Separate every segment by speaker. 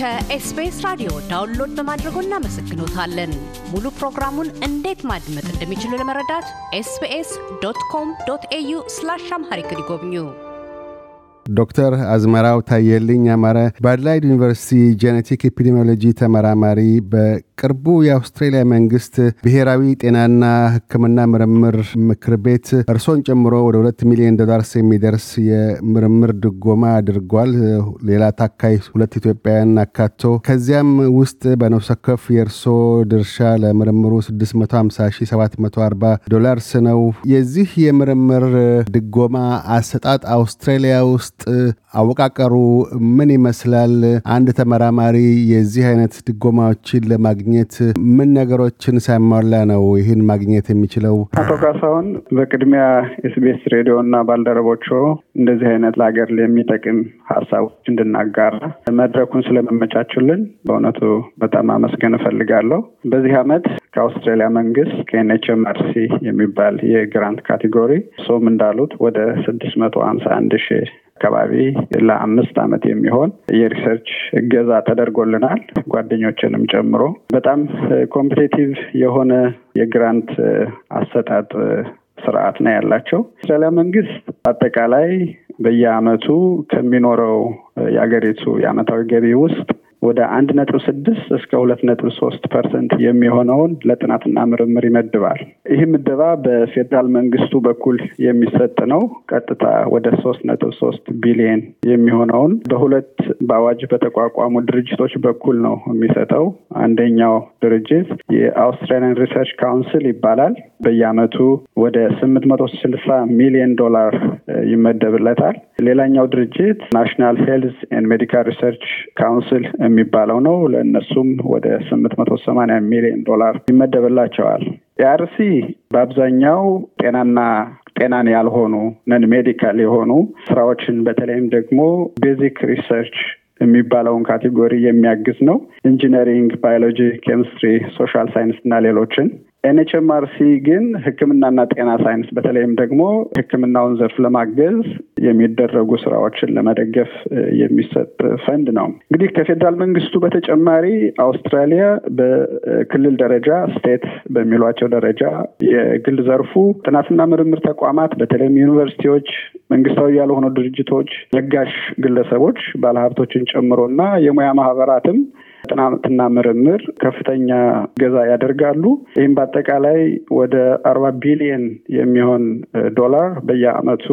Speaker 1: ከኤስቢኤስ ራዲዮ ዳውንሎድ በማድረጎ እናመሰግኖታለን። ሙሉ ፕሮግራሙን እንዴት ማድመጥ እንደሚችሉ ለመረዳት ኤስቢኤስ ዶት ኮም ዶት ኤዩ ስላሽ አምሃሪክ ይጎብኙ።
Speaker 2: ዶክተር አዝመራው ታየልኝ አማረ በአድላይድ ዩኒቨርሲቲ ጄኔቲክ ኤፒዲሚዮሎጂ ተመራማሪ በቅርቡ የአውስትሬልያ መንግስት ብሔራዊ ጤናና ሕክምና ምርምር ምክር ቤት እርሶን ጨምሮ ወደ ሁለት ሚሊዮን ዶላርስ የሚደርስ የምርምር ድጎማ አድርጓል። ሌላ ታካይ ሁለት ኢትዮጵያውያን አካቶ ከዚያም ውስጥ በነፍስ የእርሶ ድርሻ ለምርምሩ 650740 ዶላርስ ነው። የዚህ የምርምር ድጎማ አሰጣጥ አውስትሬሊያ ውስጥ አወቃቀሩ ምን ይመስላል? አንድ ተመራማሪ የዚህ አይነት ድጎማዎችን ለማግኘት ምን ነገሮችን ሳይሟላ ነው ይህን ማግኘት የሚችለው? አቶ
Speaker 1: ካሳሁን፣ በቅድሚያ ኤስቢኤስ ሬዲዮ እና ባልደረቦቹ እንደዚህ አይነት ለሀገር የሚጠቅም ሀሳቦች እንድናጋራ መድረኩን ስለመመቻችልን በእውነቱ በጣም አመስገን እፈልጋለሁ። በዚህ አመት ከአውስትራሊያ መንግስት ከኤንኤችኤምአርሲ የሚባል የግራንት ካቴጎሪ ሶም እንዳሉት ወደ ስድስት መቶ ሀምሳ አንድ ሺህ አካባቢ ለአምስት ዓመት የሚሆን የሪሰርች እገዛ ተደርጎልናል። ጓደኞችንም ጨምሮ በጣም ኮምፒቴቲቭ የሆነ የግራንት አሰጣጥ ስርዓት ነው ያላቸው። ስለ መንግስት አጠቃላይ በየአመቱ ከሚኖረው የአገሪቱ የአመታዊ ገቢ ውስጥ ወደ አንድ ነጥብ ስድስት እስከ ሁለት ነጥብ ሶስት ፐርሰንት የሚሆነውን ለጥናትና ምርምር ይመድባል። ይህ ምደባ በፌዴራል መንግስቱ በኩል የሚሰጥ ነው። ቀጥታ ወደ ሶስት ነጥብ ሶስት ቢሊየን የሚሆነውን በሁለት በአዋጅ በተቋቋሙ ድርጅቶች በኩል ነው የሚሰጠው። አንደኛው ድርጅት የአውስትራሊያን ሪሰርች ካውንስል ይባላል። በየአመቱ ወደ ስምንት መቶ ስልሳ ሚሊየን ዶላር ይመደብለታል። ሌላኛው ድርጅት ናሽናል ሄልዝ ኤንድ ሜዲካል ሪሰርች ካውንስል የሚባለው ነው። ለእነሱም ወደ ስምንት መቶ ሰማኒያ ሚሊዮን ዶላር ይመደብላቸዋል። የአርሲ በአብዛኛው ጤናና ጤናን ያልሆኑ ነን ሜዲካል የሆኑ ስራዎችን በተለይም ደግሞ ቤዚክ ሪሰርች የሚባለውን ካቴጎሪ የሚያግዝ ነው። ኢንጂነሪንግ፣ ባዮሎጂ፣ ኬሚስትሪ፣ ሶሻል ሳይንስ እና ሌሎችን ኤንኤችኤምአርሲ ግን ሕክምናና ጤና ሳይንስ በተለይም ደግሞ ሕክምናውን ዘርፍ ለማገዝ የሚደረጉ ስራዎችን ለመደገፍ የሚሰጥ ፈንድ ነው። እንግዲህ ከፌዴራል መንግስቱ በተጨማሪ አውስትራሊያ በክልል ደረጃ ስቴት በሚሏቸው ደረጃ የግል ዘርፉ ጥናትና ምርምር ተቋማት በተለይም ዩኒቨርሲቲዎች፣ መንግስታዊ ያልሆኑ ድርጅቶች፣ ለጋሽ ግለሰቦች፣ ባለሀብቶችን ጨምሮና የሙያ ማህበራትም ጥናትና ምርምር ከፍተኛ ገዛ ያደርጋሉ። ይህም በአጠቃላይ ወደ አርባ ቢሊየን የሚሆን ዶላር በየአመቱ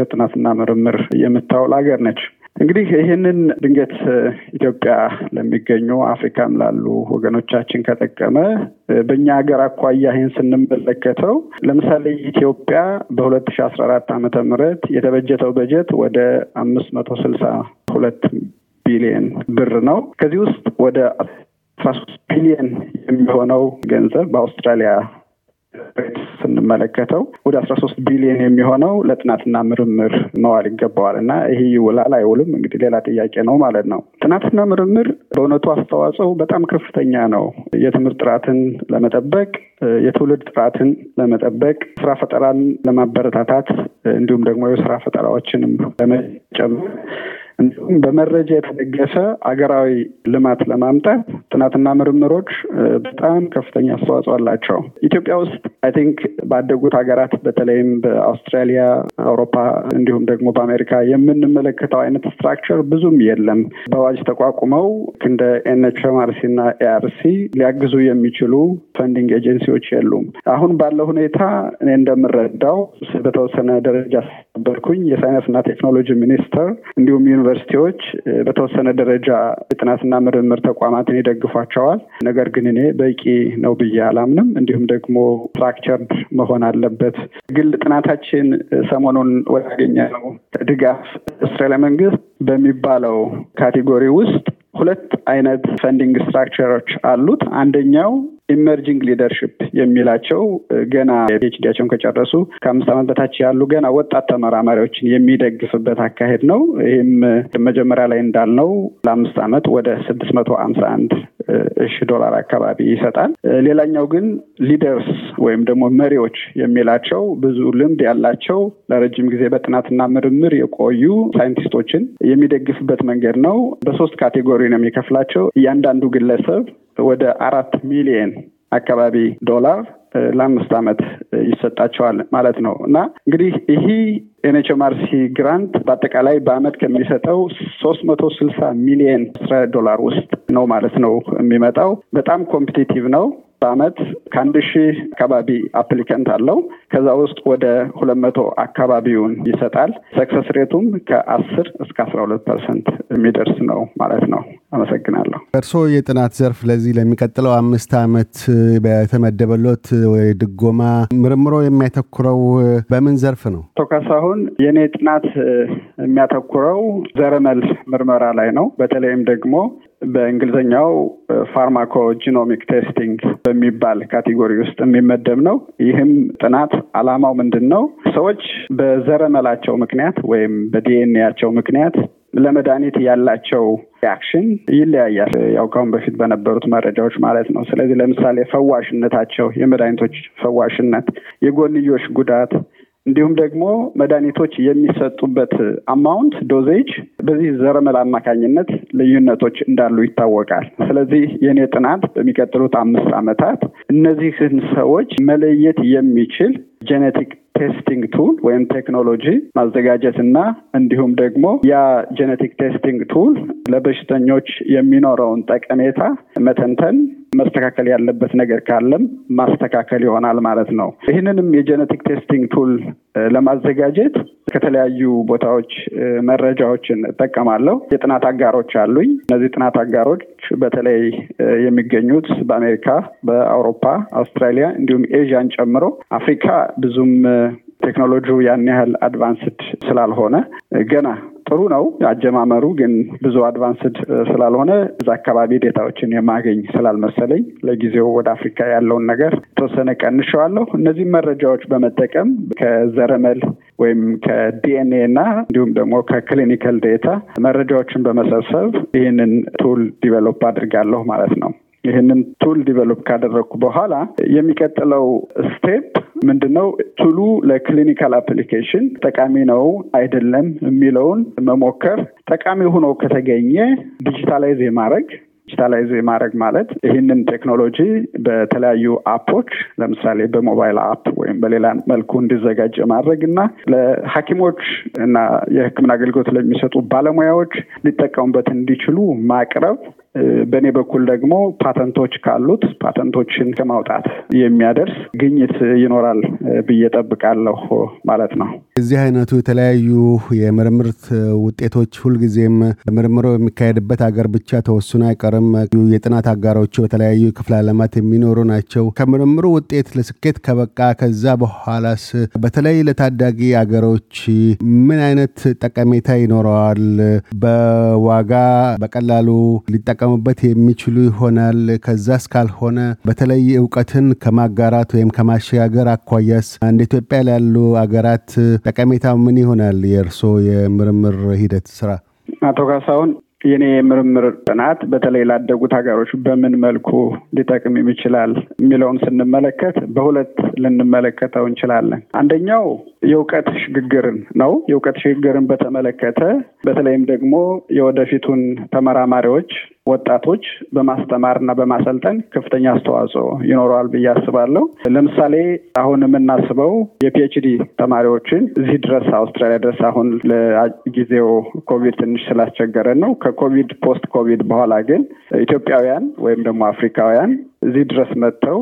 Speaker 1: ለጥናትና ምርምር የምታውል ሀገር ነች። እንግዲህ ይህንን ድንገት ኢትዮጵያ ለሚገኙ አፍሪካም ላሉ ወገኖቻችን ከጠቀመ በእኛ ሀገር አኳያ ይህን ስንመለከተው ለምሳሌ ኢትዮጵያ በሁለት ሺ አስራ አራት ዓመተ ምህረት የተበጀተው በጀት ወደ አምስት መቶ ስልሳ ሁለት ቢሊየን ብር ነው። ከዚህ ውስጥ ወደ አስራ ሶስት ቢሊየን የሚሆነው ገንዘብ በአውስትራሊያ ስንመለከተው ወደ አስራ ሶስት ቢሊየን የሚሆነው ለጥናትና ምርምር መዋል ይገባዋል እና ይህ ይውላል አይውልም እንግዲህ ሌላ ጥያቄ ነው ማለት ነው። ጥናትና ምርምር በእውነቱ አስተዋጽኦ በጣም ከፍተኛ ነው። የትምህርት ጥራትን ለመጠበቅ፣ የትውልድ ጥራትን ለመጠበቅ፣ ስራ ፈጠራን ለማበረታታት እንዲሁም ደግሞ የስራ ፈጠራዎችንም ለመጨመር እንዲሁም በመረጃ የተደገፈ አገራዊ ልማት ለማምጣት ጥናትና ምርምሮች በጣም ከፍተኛ አስተዋጽኦ አላቸው። ኢትዮጵያ ውስጥ አይ ቲንክ ባደጉት ሀገራት በተለይም በአውስትራሊያ፣ አውሮፓ እንዲሁም ደግሞ በአሜሪካ የምንመለከተው አይነት ስትራክቸር ብዙም የለም። በአዋጅ ተቋቁመው እንደ ኤንኤችኤምአርሲ እና ኤአርሲ ሊያግዙ የሚችሉ ፈንዲንግ ኤጀንሲዎች የሉም። አሁን ባለው ሁኔታ እኔ እንደምረዳው በተወሰነ ደረጃ በርኩኝ የሳይንስና ቴክኖሎጂ ሚኒስቴር እንዲሁም ዩኒቨርሲቲዎች በተወሰነ ደረጃ የጥናትና ምርምር ተቋማትን ይደግፏቸዋል። ነገር ግን እኔ በቂ ነው ብዬ አላምንም። እንዲሁም ደግሞ ስትራክቸርድ መሆን አለበት። ግል ጥናታችን ሰሞኑን ወዳገኘነው ድጋፍ እስራኤል መንግስት በሚባለው ካቴጎሪ ውስጥ ሁለት አይነት ፈንዲንግ ስትራክቸሮች አሉት። አንደኛው ኢመርጂንግ ሊደርሽፕ የሚላቸው ገና ፒኤችዲያቸውን ከጨረሱ ከአምስት ዓመት በታች ያሉ ገና ወጣት ተመራማሪዎችን የሚደግፍበት አካሄድ ነው። ይህም መጀመሪያ ላይ እንዳልነው ለአምስት ዓመት ወደ ስድስት መቶ አምሳ አንድ እሺ ዶላር አካባቢ ይሰጣል። ሌላኛው ግን ሊደርስ ወይም ደግሞ መሪዎች የሚላቸው ብዙ ልምድ ያላቸው ለረጅም ጊዜ በጥናትና ምርምር የቆዩ ሳይንቲስቶችን የሚደግፍበት መንገድ ነው። በሶስት ካቴጎሪ ነው የሚከፍላቸው። እያንዳንዱ ግለሰብ ወደ አራት ሚሊየን አካባቢ ዶላር ለአምስት ዓመት ይሰጣቸዋል ማለት ነው እና እንግዲህ ይሄ። ኤንኤችኤምአርሲ ግራንት በአጠቃላይ በአመት ከሚሰጠው ሶስት መቶ ስልሳ ሚሊየን ዶላር ውስጥ ነው ማለት ነው የሚመጣው። በጣም ኮምፒቲቲቭ ነው። በአመት ከአንድ ሺህ አካባቢ አፕሊከንት አለው። ከዛ ውስጥ ወደ ሁለት መቶ አካባቢውን ይሰጣል። ሰክሰስ ሬቱም ከአስር እስከ አስራ ሁለት ፐርሰንት የሚደርስ ነው ማለት ነው። አመሰግናለሁ።
Speaker 2: እርስዎ የጥናት ዘርፍ ለዚህ ለሚቀጥለው አምስት አመት በተመደበሎት ድጎማ ምርምሮ የሚያተኩረው በምን ዘርፍ ነው?
Speaker 1: አቶ ካሳሁን የእኔ ጥናት የሚያተኩረው ዘረመል ምርመራ ላይ ነው። በተለይም ደግሞ በእንግሊዝኛው ፋርማኮጂኖሚክ ቴስቲንግ በሚባል ካቴጎሪ ውስጥ የሚመደብ ነው። ይህም ጥናት አላማው ምንድን ነው? ሰዎች በዘረመላቸው ምክንያት ወይም በዲኤንኤያቸው ምክንያት ለመድኃኒት ያላቸው ሪያክሽን ይለያያል። ያው ካሁን በፊት በነበሩት መረጃዎች ማለት ነው። ስለዚህ ለምሳሌ ፈዋሽነታቸው፣ የመድኃኒቶች ፈዋሽነት፣ የጎንዮሽ ጉዳት እንዲሁም ደግሞ መድኃኒቶች የሚሰጡበት አማውንት ዶዜጅ በዚህ ዘረመል አማካኝነት ልዩነቶች እንዳሉ ይታወቃል። ስለዚህ የእኔ ጥናት በሚቀጥሉት አምስት ዓመታት እነዚህን ሰዎች መለየት የሚችል ጄኔቲክ ቴስቲንግ ቱል ወይም ቴክኖሎጂ ማዘጋጀት እና እንዲሁም ደግሞ ያ ጄኔቲክ ቴስቲንግ ቱል ለበሽተኞች የሚኖረውን ጠቀሜታ መተንተን መስተካከል ያለበት ነገር ካለም ማስተካከል ይሆናል ማለት ነው። ይህንንም የጀነቲክ ቴስቲንግ ቱል ለማዘጋጀት ከተለያዩ ቦታዎች መረጃዎችን እጠቀማለሁ። የጥናት አጋሮች አሉኝ። እነዚህ ጥናት አጋሮች በተለይ የሚገኙት በአሜሪካ፣ በአውሮፓ፣ አውስትራሊያ እንዲሁም ኤዥያን ጨምሮ አፍሪካ ብዙም ቴክኖሎጂው ያን ያህል አድቫንስድ ስላልሆነ ገና ጥሩ ነው አጀማመሩ ግን ብዙ አድቫንስድ ስላልሆነ እዛ አካባቢ ዴታዎችን የማገኝ ስላልመሰለኝ ለጊዜው ወደ አፍሪካ ያለውን ነገር ተወሰነ ቀንሸዋለሁ። እነዚህ መረጃዎች በመጠቀም ከዘረመል ወይም ከዲኤንኤ እና እንዲሁም ደግሞ ከክሊኒካል ዴታ መረጃዎችን በመሰብሰብ ይህንን ቱል ዲቨሎፕ አድርጋለሁ ማለት ነው። ይህንን ቱል ዲቨሎፕ ካደረግኩ በኋላ የሚቀጥለው ስቴፕ ምንድነው ቱሉ ለክሊኒካል አፕሊኬሽን ጠቃሚ ነው አይደለም የሚለውን መሞከር፣ ጠቃሚ ሆኖ ከተገኘ ዲጂታላይዝ የማድረግ ዲጂታላይዝ ማድረግ ማለት ይህንን ቴክኖሎጂ በተለያዩ አፖች ለምሳሌ በሞባይል አፕ ወይም በሌላ መልኩ እንዲዘጋጅ ማድረግ እና ለሐኪሞች እና የሕክምና አገልግሎት ለሚሰጡ ባለሙያዎች ሊጠቀሙበት እንዲችሉ ማቅረብ በእኔ በኩል ደግሞ ፓተንቶች ካሉት ፓተንቶችን ከማውጣት የሚያደርስ ግኝት ይኖራል ብዬ ጠብቃለሁ ማለት ነው።
Speaker 2: እዚህ አይነቱ የተለያዩ የምርምር ውጤቶች ሁልጊዜም ምርምሮ የሚካሄድበት ሀገር ብቻ ተወስኖ አይቀርም። የጥናት አጋሮቹ በተለያዩ ክፍለ ዓለማት የሚኖሩ ናቸው። ከምርምሩ ውጤት ለስኬት ከበቃ ከዛ በኋላስ በተለይ ለታዳጊ አገሮች ምን አይነት ጠቀሜታ ይኖረዋል? በዋጋ በቀላሉ ሊጠቀ ሊጠቀሙበት የሚችሉ ይሆናል? ከዛስ ካልሆነ በተለይ እውቀትን ከማጋራት ወይም ከማሸጋገር አኳያስ እንደ ኢትዮጵያ ላሉ አገራት ጠቀሜታ ምን ይሆናል? የእርስዎ የምርምር ሂደት ስራ
Speaker 1: አቶ ካሳሁን የኔ የምርምር ጥናት በተለይ ላደጉት ሀገሮች በምን መልኩ ሊጠቅም ይችላል የሚለውን ስንመለከት በሁለት ልንመለከተው እንችላለን። አንደኛው የእውቀት ሽግግርን ነው። የእውቀት ሽግግርን በተመለከተ በተለይም ደግሞ የወደፊቱን ተመራማሪዎች ወጣቶች በማስተማርና በማሰልጠን ከፍተኛ አስተዋጽኦ ይኖረዋል ብዬ አስባለሁ። ለምሳሌ አሁን የምናስበው የፒኤችዲ ተማሪዎችን እዚህ ድረስ አውስትራሊያ ድረስ አሁን ለጊዜው ኮቪድ ትንሽ ስላስቸገረን ነው። ከኮቪድ ፖስት ኮቪድ በኋላ ግን ኢትዮጵያውያን ወይም ደግሞ አፍሪካውያን እዚህ ድረስ መጥተው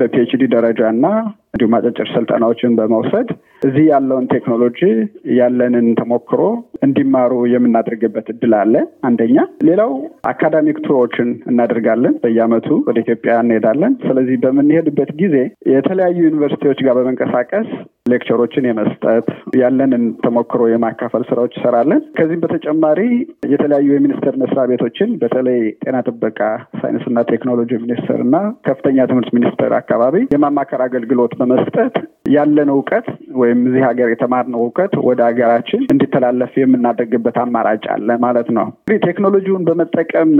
Speaker 1: በፒኤችዲ ደረጃ እና እንዲሁም አጫጭር ስልጠናዎችን በመውሰድ እዚህ ያለውን ቴክኖሎጂ ያለንን ተሞክሮ እንዲማሩ የምናደርግበት እድል አለ። አንደኛ። ሌላው አካዳሚክ ቱሮችን እናደርጋለን። በየአመቱ ወደ ኢትዮጵያ እንሄዳለን። ስለዚህ በምንሄድበት ጊዜ የተለያዩ ዩኒቨርሲቲዎች ጋር በመንቀሳቀስ ሌክቸሮችን የመስጠት ያለንን ተሞክሮ የማካፈል ስራዎች ይሰራለን። ከዚህም በተጨማሪ የተለያዩ የሚኒስቴር መስሪያ ቤቶችን በተለይ ጤና ጥበቃ፣ ሳይንስና ቴክኖሎጂ ሚኒስቴር እና ከፍተኛ ትምህርት ሚኒስቴር አካባቢ የማማከር አገልግሎት በመስጠት ያለን እውቀት ወይም እዚህ ሀገር የተማርነው እውቀት ወደ ሀገራችን እንዲተላለፍ የምናደርግበት አማራጭ አለ ማለት ነው። እንግዲህ ቴክኖሎጂውን በመጠቀም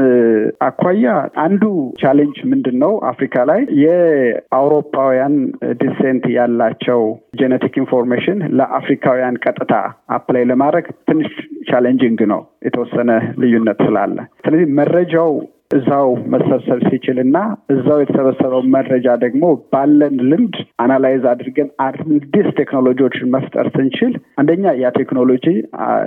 Speaker 1: አኳያ አንዱ ቻሌንጅ ምንድን ነው? አፍሪካ ላይ የአውሮፓውያን ዲሴንት ያላቸው ጄኔቲክ ኢንፎርሜሽን ለአፍሪካውያን ቀጥታ አፕላይ ለማድረግ ትንሽ ቻሌንጂንግ ነው፣ የተወሰነ ልዩነት ስላለ። ስለዚህ መረጃው እዛው መሰብሰብ ሲችል እና እዛው የተሰበሰበው መረጃ ደግሞ ባለን ልምድ አናላይዝ አድርገን አዲስ ቴክኖሎጂዎችን መፍጠር ስንችል አንደኛ ያ ቴክኖሎጂ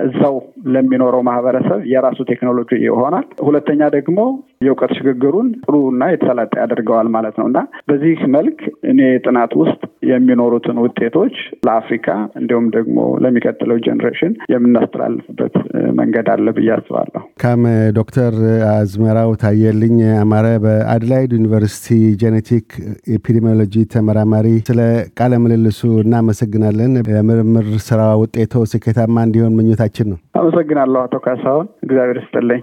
Speaker 1: እዛው ለሚኖረው ማህበረሰብ የራሱ ቴክኖሎጂ ይሆናል። ሁለተኛ ደግሞ የእውቀት ሽግግሩን ጥሩ እና የተሰላጠ ያደርገዋል ማለት ነው እና በዚህ መልክ እኔ ጥናት ውስጥ የሚኖሩትን ውጤቶች ለአፍሪካ እንዲሁም ደግሞ ለሚቀጥለው ጀኔሬሽን የምናስተላልፍበት መንገድ አለ ብዬ አስባለሁ።
Speaker 2: ካም ዶክተር አዝመራው ታየልኝ አማረ በአድላይድ ዩኒቨርሲቲ ጄኔቲክ ኤፒዲሚዮሎጂ ተመራማሪ፣ ስለ ቃለ ምልልሱ እናመሰግናለን። የምርምር ስራ ውጤቶ ስኬታማ እንዲሆን ምኞታችን ነው።
Speaker 1: አመሰግናለሁ አቶ ካሳሁን፣ እግዚአብሔር ይስጥልኝ።